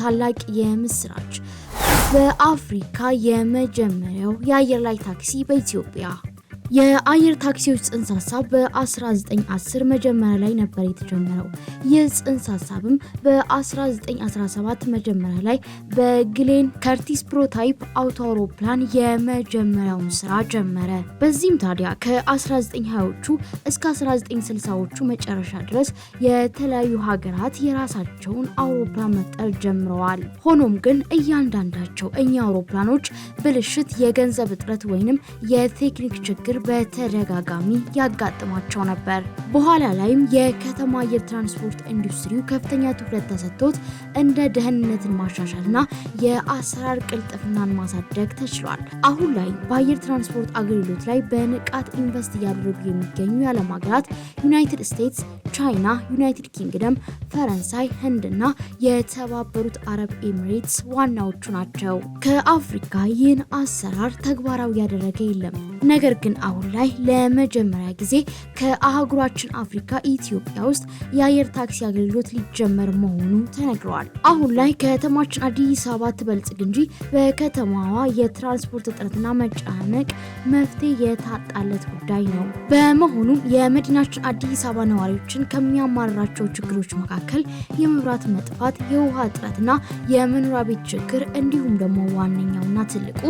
ታላቅ የምስራች! በአፍሪካ የመጀመሪያው የአየር ላይ ታክሲ በኢትዮጵያ የአየር ታክሲዎች ጽንሰ ሀሳብ በ1910 መጀመሪያ ላይ ነበር የተጀመረው። ይህ ጽንሰ ሀሳብም በ1917 መጀመሪያ ላይ በግሌን ከርቲስ ፕሮታይፕ አውቶ አውሮፕላን የመጀመሪያውን ስራ ጀመረ። በዚህም ታዲያ ከ1920ዎቹ እስከ 1960ዎቹ መጨረሻ ድረስ የተለያዩ ሀገራት የራሳቸውን አውሮፕላን መፍጠር ጀምረዋል። ሆኖም ግን እያንዳንዳቸው እኛ አውሮፕላኖች ብልሽት፣ የገንዘብ እጥረት ወይንም የቴክኒክ ችግር በተደጋጋሚ ያጋጥማቸው ነበር። በኋላ ላይም የከተማ አየር ትራንስፖርት ኢንዱስትሪው ከፍተኛ ትኩረት ተሰጥቶት እንደ ደህንነትን ማሻሻልና የአሰራር ቅልጥፍናን ማሳደግ ተችሏል። አሁን ላይ በአየር ትራንስፖርት አገልግሎት ላይ በንቃት ኢንቨስት እያደረጉ የሚገኙ የዓለም ሀገራት ዩናይትድ ስቴትስ፣ ቻይና፣ ዩናይትድ ኪንግደም፣ ፈረንሳይ፣ ህንድና የተባበሩት አረብ ኤሚሬትስ ዋናዎቹ ናቸው። ከአፍሪካ ይህን አሰራር ተግባራዊ ያደረገ የለም። ነገር ግን አሁን ላይ ለመጀመሪያ ጊዜ ከአህጉራችን አፍሪካ ኢትዮጵያ ውስጥ የአየር ታክሲ አገልግሎት ሊጀመር መሆኑ ተነግረዋል። አሁን ላይ ከተማችን አዲስ አበባ ትበልጽግ እንጂ በከተማዋ የትራንስፖርት እጥረትና መጨናነቅ መፍትሄ የታጣለት ጉዳይ ነው። በመሆኑም የመዲናችን አዲስ አበባ ነዋሪዎችን ከሚያማርራቸው ችግሮች መካከል የመብራት መጥፋት፣ የውሃ እጥረትና የመኖሪያ ቤት ችግር እንዲሁም ደግሞ ዋነኛውና ትልቁ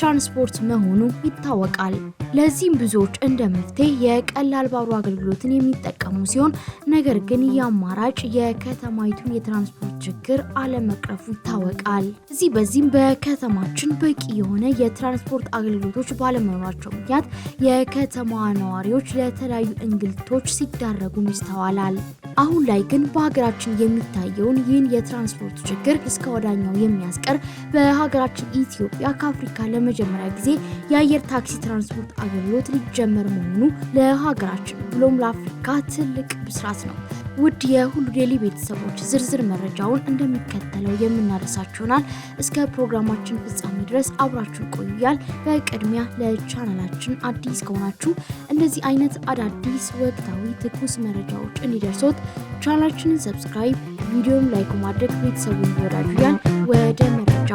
ትራንስፖርት መሆኑ ይታወቃል። ለዚህም ብዙዎች እንደ መፍትሄ የቀላል ባቡር አገልግሎትን የሚጠቀሙ ሲሆን ነገር ግን ይህ አማራጭ የከተማይቱን የትራንስፖርት ችግር አለመቅረፉ ይታወቃል። እዚህ በዚህም በከተማችን በቂ የሆነ የትራንስፖርት አገልግሎቶች ባለመኖራቸው ምክንያት የከተማ ነዋሪዎች ለተለያዩ እንግልቶች ሲዳረጉም ይስተዋላል። አሁን ላይ ግን በሀገራችን የሚታየውን ይህን የትራንስፖርት ችግር እስከ ወዳኛው የሚያስቀር በሀገራችን ኢትዮጵያ ከአፍሪካ ለመጀመሪያ ጊዜ የአየር ታክሲ ትራንስፖርት የትራንስፖርት አገልግሎት ሊጀመር መሆኑ ለሀገራችን ብሎም ለአፍሪካ ትልቅ ብስራት ነው። ውድ የሁሉ ዴይሊ ቤተሰቦች ዝርዝር መረጃውን እንደሚከተለው የምናደርሳችሁ እስከ ፕሮግራማችን ፍጻሜ ድረስ አብራችሁን ቆያል። በቅድሚያ ለቻናላችን አዲስ ከሆናችሁ እንደዚህ አይነት አዳዲስ ወቅታዊ ትኩስ መረጃዎች እንዲደርሶት ቻናላችንን ሰብስክራይብ፣ ቪዲዮም ላይክ ማድረግ ቤተሰቡን ይወዳጁያል። ወደ መረጃው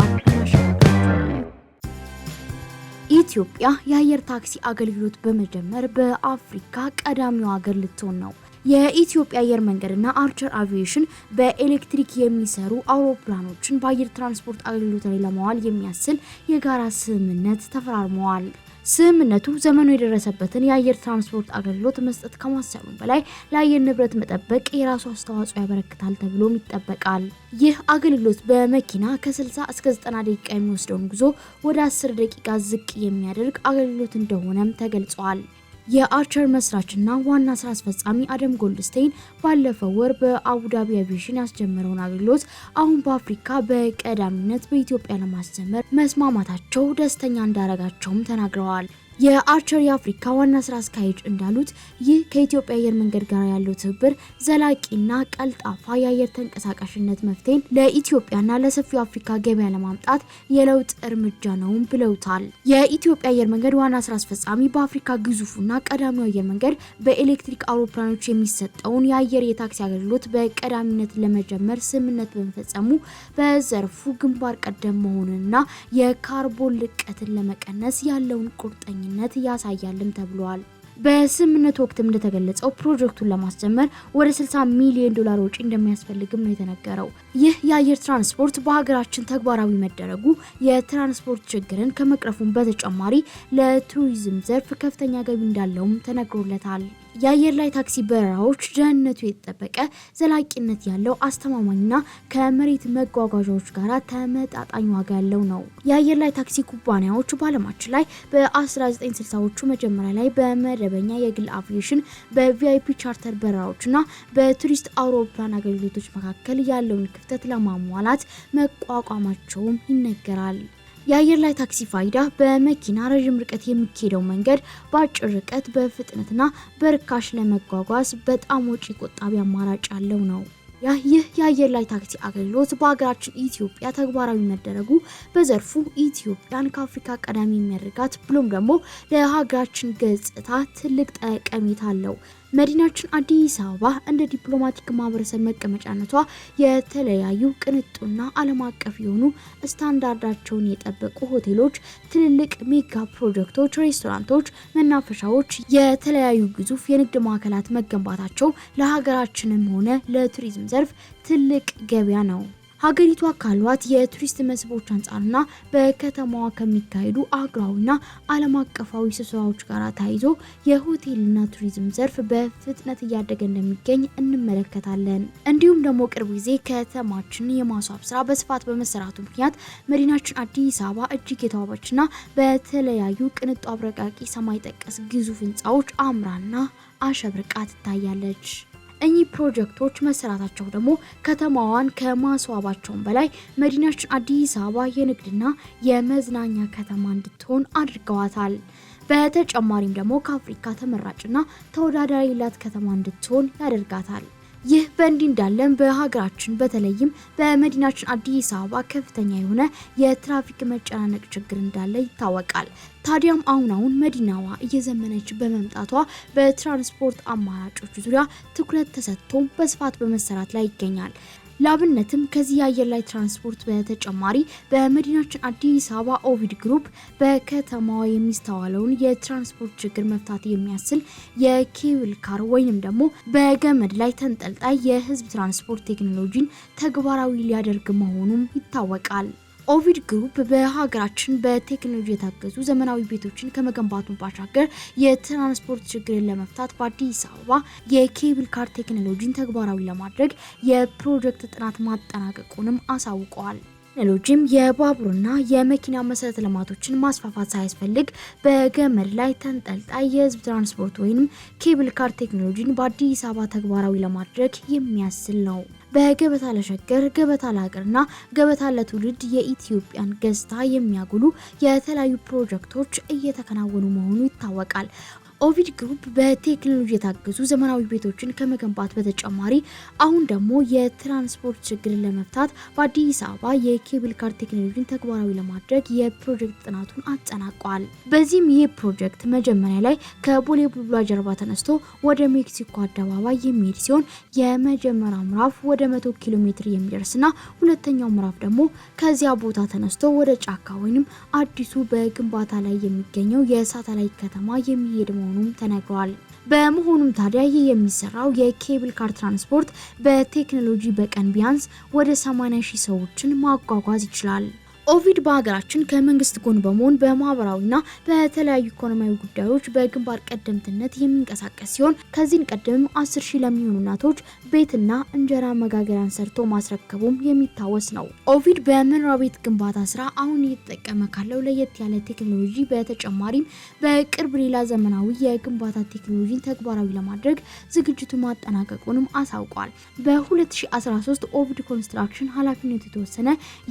ኢትዮጵያ የአየር ታክሲ አገልግሎት በመጀመር በአፍሪካ ቀዳሚው ሀገር ልትሆን ነው። የኢትዮጵያ አየር መንገድና አርቸር አቪዬሽን በኤሌክትሪክ የሚሰሩ አውሮፕላኖችን በአየር ትራንስፖርት አገልግሎት ላይ ለማዋል የሚያስችል የጋራ ስምምነት ተፈራርመዋል። ስምምነቱ ዘመኑ የደረሰበትን የአየር ትራንስፖርት አገልግሎት መስጠት ከማሰቡ በላይ ለአየር ንብረት መጠበቅ የራሱ አስተዋጽኦ ያበረክታል ተብሎም ይጠበቃል። ይህ አገልግሎት በመኪና ከ60 እስከ 90 ደቂቃ የሚወስደውን ጉዞ ወደ 10 ደቂቃ ዝቅ የሚያደርግ አገልግሎት እንደሆነም ተገልጿል። የአርቸር መስራችና ዋና ስራ አስፈጻሚ አደም ጎልድስቴን ባለፈው ወር በአቡዳቢ አቪዬሽን ያስጀመረውን አገልግሎት አሁን በአፍሪካ በቀዳሚነት በኢትዮጵያ ለማስጀመር መስማማታቸው ደስተኛ እንዳረጋቸውም ተናግረዋል። የአርቸሪ አፍሪካ ዋና ስራ አስኪያጅ እንዳሉት ይህ ከኢትዮጵያ አየር መንገድ ጋር ያለው ትብብር ዘላቂና ቀልጣፋ የአየር ተንቀሳቃሽነት መፍትሄን ለኢትዮጵያና ለሰፊው አፍሪካ ገበያ ለማምጣት የለውጥ እርምጃ ነውም ብለውታል። የኢትዮጵያ አየር መንገድ ዋና ስራ አስፈጻሚ በአፍሪካ ግዙፉና ቀዳሚው አየር መንገድ በኤሌክትሪክ አውሮፕላኖች የሚሰጠውን የአየር የታክሲ አገልግሎት በቀዳሚነት ለመጀመር ስምምነት በመፈጸሙ በዘርፉ ግንባር ቀደም መሆኑንና የካርቦን ልቀትን ለመቀነስ ያለውን ቁርጠኛ ቁርጠኝነት ያሳያልም ተብሏል። በስምምነቱ ወቅትም እንደተገለጸው ፕሮጀክቱን ለማስጀመር ወደ 60 ሚሊዮን ዶላር ወጪ እንደሚያስፈልግም ነው የተነገረው። ይህ የአየር ትራንስፖርት በሀገራችን ተግባራዊ መደረጉ የትራንስፖርት ችግርን ከመቅረፉም በተጨማሪ ለቱሪዝም ዘርፍ ከፍተኛ ገቢ እንዳለውም ተነግሮለታል። የአየር ላይ ታክሲ በረራዎች ደህንነቱ የተጠበቀ ዘላቂነት ያለው አስተማማኝና ከመሬት መጓጓዣዎች ጋር ተመጣጣኝ ዋጋ ያለው ነው። የአየር ላይ ታክሲ ኩባንያዎች በዓለማችን ላይ በ1960ዎቹ መጀመሪያ ላይ በመደበኛ የግል አቪዬሽን በቪአይፒ ቻርተር በረራዎችና በቱሪስት አውሮፕላን አገልግሎቶች መካከል ያለውን ክፍተት ለማሟላት መቋቋማቸውም ይነገራል። የአየር ላይ ታክሲ ፋይዳ በመኪና ረዥም ርቀት የሚካሄደው መንገድ በአጭር ርቀት በፍጥነትና በርካሽ ለመጓጓዝ በጣም ወጪ ቆጣቢ አማራጭ ያለው ነው። ኢትዮጵያ ይህ የአየር ላይ ታክሲ አገልግሎት በሀገራችን ኢትዮጵያ ተግባራዊ መደረጉ በዘርፉ ኢትዮጵያን ከአፍሪካ ቀዳሚ የሚያደርጋት ብሎም ደግሞ ለሀገራችን ገጽታ ትልቅ ጠቀሜታ አለው። መዲናችን አዲስ አበባ እንደ ዲፕሎማቲክ ማህበረሰብ መቀመጫነቷ የተለያዩ ቅንጡና ዓለም አቀፍ የሆኑ ስታንዳርዳቸውን የጠበቁ ሆቴሎች፣ ትልልቅ ሜጋ ፕሮጀክቶች፣ ሬስቶራንቶች፣ መናፈሻዎች፣ የተለያዩ ግዙፍ የንግድ ማዕከላት መገንባታቸው ለሀገራችንም ሆነ ለቱሪዝም ዘርፍ ትልቅ ገበያ ነው። ሀገሪቷ ካሏት የቱሪስት መስህቦች አንጻርና በከተማዋ ከሚካሄዱ አገራዊና ዓለም አቀፋዊ ስብሰባዎች ጋር ተያይዞ የሆቴልና ቱሪዝም ዘርፍ በፍጥነት እያደገ እንደሚገኝ እንመለከታለን። እንዲሁም ደግሞ ቅርብ ጊዜ ከተማችን የማስዋብ ስራ በስፋት በመሰራቱ ምክንያት መዲናችን አዲስ አበባ እጅግ የተዋበችና በተለያዩ ቅንጡ አብረቃቂ ሰማይ ጠቀስ ግዙፍ ህንፃዎች አምራና አሸብርቃ ትታያለች። እኚህ ፕሮጀክቶች መሰራታቸው ደግሞ ከተማዋን ከማስዋባቸውን በላይ መዲናችን አዲስ አበባ የንግድና የመዝናኛ ከተማ እንድትሆን አድርገዋታል። በተጨማሪም ደግሞ ከአፍሪካ ተመራጭና ተወዳዳሪ ላት ከተማ እንድትሆን ያደርጋታል። ይህ በእንዲህ እንዳለም በሀገራችን በተለይም በመዲናችን አዲስ አበባ ከፍተኛ የሆነ የትራፊክ መጨናነቅ ችግር እንዳለ ይታወቃል። ታዲያም አሁን አሁን መዲናዋ እየዘመነች በመምጣቷ በትራንስፖርት አማራጮች ዙሪያ ትኩረት ተሰጥቶ በስፋት በመሰራት ላይ ይገኛል። ለአብነትም ከዚህ የአየር ላይ ትራንስፖርት በተጨማሪ በመዲናችን አዲስ አበባ ኦቪድ ግሩፕ በከተማዋ የሚስተዋለውን የትራንስፖርት ችግር መፍታት የሚያስችል የኬብል ካር ወይንም ደግሞ በገመድ ላይ ተንጠልጣይ የህዝብ ትራንስፖርት ቴክኖሎጂን ተግባራዊ ሊያደርግ መሆኑም ይታወቃል። ኦቪድ ግሩፕ በሀገራችን በቴክኖሎጂ የታገዙ ዘመናዊ ቤቶችን ከመገንባቱ ባሻገር የትራንስፖርት ችግርን ለመፍታት በአዲስ አበባ የኬብል ካር ቴክኖሎጂን ተግባራዊ ለማድረግ የፕሮጀክት ጥናት ማጠናቀቁንም አሳውቀዋል። ቴክኖሎጂም የባቡርና የመኪና መሰረተ ልማቶችን ማስፋፋት ሳያስፈልግ በገመድ ላይ ተንጠልጣይ የህዝብ ትራንስፖርት ወይም ኬብል ካር ቴክኖሎጂን በአዲስ አበባ ተግባራዊ ለማድረግ የሚያስችል ነው። በገበታ ለሸገር፣ ገበታ ለሀገርና ገበታ ለትውልድ የኢትዮጵያን ገጽታ የሚያጉሉ የተለያዩ ፕሮጀክቶች እየተከናወኑ መሆኑ ይታወቃል። ኦቪድ ግሩፕ በቴክኖሎጂ የታገዙ ዘመናዊ ቤቶችን ከመገንባት በተጨማሪ አሁን ደግሞ የትራንስፖርት ችግርን ለመፍታት በአዲስ አበባ የኬብል ካር ቴክኖሎጂን ተግባራዊ ለማድረግ የፕሮጀክት ጥናቱን አጠናቋል። በዚህም ይህ ፕሮጀክት መጀመሪያ ላይ ከቦሌ ቡልቡላ ጀርባ ተነስቶ ወደ ሜክሲኮ አደባባይ የሚሄድ ሲሆን የመጀመሪያው ምዕራፍ ወደ መቶ ኪሎ ሜትር የሚደርስና ሁለተኛው ምዕራፍ ደግሞ ከዚያ ቦታ ተነስቶ ወደ ጫካ ወይም አዲሱ በግንባታ ላይ የሚገኘው የሳተላይት ከተማ የሚሄድ መሆ መሆኑም ተነግሯል። በመሆኑም ታዲያ ይህ የሚሰራው የኬብል ካር ትራንስፖርት በቴክኖሎጂ በቀን ቢያንስ ወደ 80 ሺህ ሰዎችን ማጓጓዝ ይችላል። ኦቪድ በሀገራችን ከመንግስት ጎን በመሆን በማህበራዊና በተለያዩ ኢኮኖሚያዊ ጉዳዮች በግንባር ቀደምትነት የሚንቀሳቀስ ሲሆን ከዚህን ቀደም አስር ሺህ ለሚሆኑ እናቶች ቤትና እንጀራ መጋገሪያን ሰርቶ ማስረከቡም የሚታወስ ነው። ኦቪድ በመኖሪያ ቤት ግንባታ ስራ አሁን እየተጠቀመ ካለው ለየት ያለ ቴክኖሎጂ በተጨማሪም በቅርብ ሌላ ዘመናዊ የግንባታ ቴክኖሎጂን ተግባራዊ ለማድረግ ዝግጅቱ ማጠናቀቁንም አሳውቋል። በ2013 ኦቪድ ኮንስትራክሽን ኃላፊነት የተወሰነ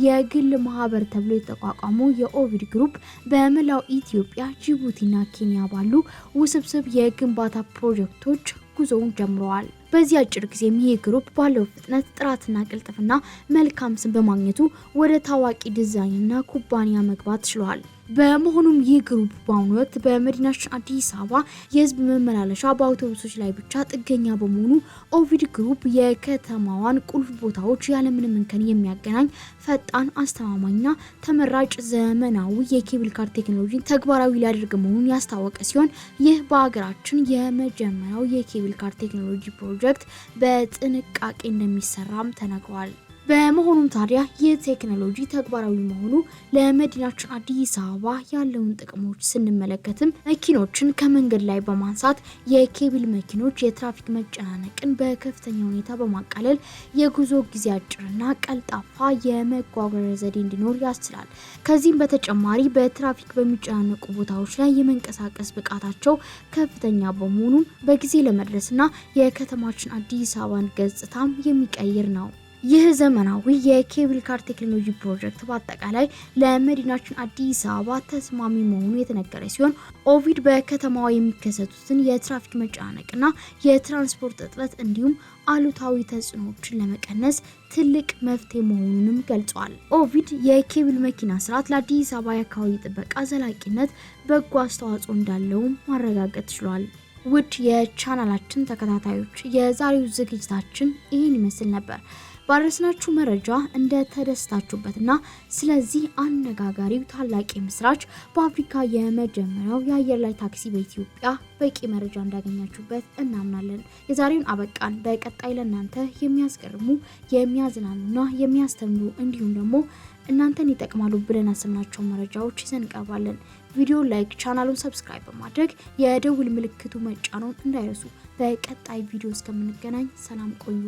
የግል ማህበር ማህበር ተብሎ የተቋቋመው የኦቪድ ግሩፕ በመላው ኢትዮጵያ፣ ጅቡቲና ኬንያ ባሉ ውስብስብ የግንባታ ፕሮጀክቶች ጉዞውን ጀምረዋል። በዚህ አጭር ጊዜም ይህ ግሩፕ ባለው ፍጥነት ጥራትና ቅልጥፍና መልካም ስም በማግኘቱ ወደ ታዋቂ ዲዛይንና ኩባንያ መግባት ችሏል። በመሆኑም ይህ ግሩፕ በአሁኑ ወቅት በመዲናችን አዲስ አበባ የህዝብ መመላለሻ በአውቶቡሶች ላይ ብቻ ጥገኛ በመሆኑ ኦቪድ ግሩፕ የከተማዋን ቁልፍ ቦታዎች ያለምንም እንከን የሚያገናኝ ፈጣን፣ አስተማማኝና ተመራጭ ዘመናዊ የኬብል ካር ቴክኖሎጂን ተግባራዊ ሊያደርግ መሆኑን ያስታወቀ ሲሆን ይህ በሀገራችን የመጀመሪያው የኬብል ካር ቴክኖሎጂ ፕሮጀክት በጥንቃቄ እንደሚሰራም ተነግሯል። በመሆኑም ታዲያ ይህ ቴክኖሎጂ ተግባራዊ መሆኑ ለመዲናችን አዲስ አበባ ያለውን ጥቅሞች ስንመለከትም መኪኖችን ከመንገድ ላይ በማንሳት የኬብል መኪኖች የትራፊክ መጨናነቅን በከፍተኛ ሁኔታ በማቃለል የጉዞ ጊዜ አጭርና ቀልጣፋ የመጓጓዣ ዘዴ እንዲኖር ያስችላል። ከዚህም በተጨማሪ በትራፊክ በሚጨናነቁ ቦታዎች ላይ የመንቀሳቀስ ብቃታቸው ከፍተኛ በመሆኑም በጊዜ ለመድረስና የከተማችን አዲስ አበባን ገጽታም የሚቀይር ነው። ይህ ዘመናዊ የኬብል ካር ቴክኖሎጂ ፕሮጀክት በአጠቃላይ ለመዲናችን አዲስ አበባ ተስማሚ መሆኑ የተነገረ ሲሆን ኦቪድ በከተማዋ የሚከሰቱትን የትራፊክ መጨናነቅና የትራንስፖርት እጥረት እንዲሁም አሉታዊ ተጽዕኖዎችን ለመቀነስ ትልቅ መፍትሄ መሆኑንም ገልጿል። ኦቪድ የኬብል መኪና ስርዓት ለአዲስ አበባ የአካባቢ ጥበቃ ዘላቂነት በጎ አስተዋጽኦ እንዳለውም ማረጋገጥ ችሏል። ውድ የቻናላችን ተከታታዮች የዛሬው ዝግጅታችን ይህን ይመስል ነበር። ባረስናችሁ መረጃ እንደተደስታችሁበትና ስለዚህ አነጋጋሪው ታላቅ የምስራች በአፍሪካ የመጀመሪያው የአየር ላይ ታክሲ በኢትዮጵያ በቂ መረጃ እንዳገኛችሁበት እናምናለን። የዛሬውን አበቃን። በቀጣይ ለእናንተ የሚያስገርሙ የሚያዝናኑና የሚያስተምሩ እንዲሁም ደግሞ እናንተን ይጠቅማሉ ብለን ያሰብናቸው መረጃዎች ይዘን እንቀርባለን። ቪዲዮ ላይክ፣ ቻናሉን ሰብስክራይብ በማድረግ የደውል ምልክቱ መጫኖን እንዳይረሱ። በቀጣይ ቪዲዮ እስከምንገናኝ ሰላም ቆዩ።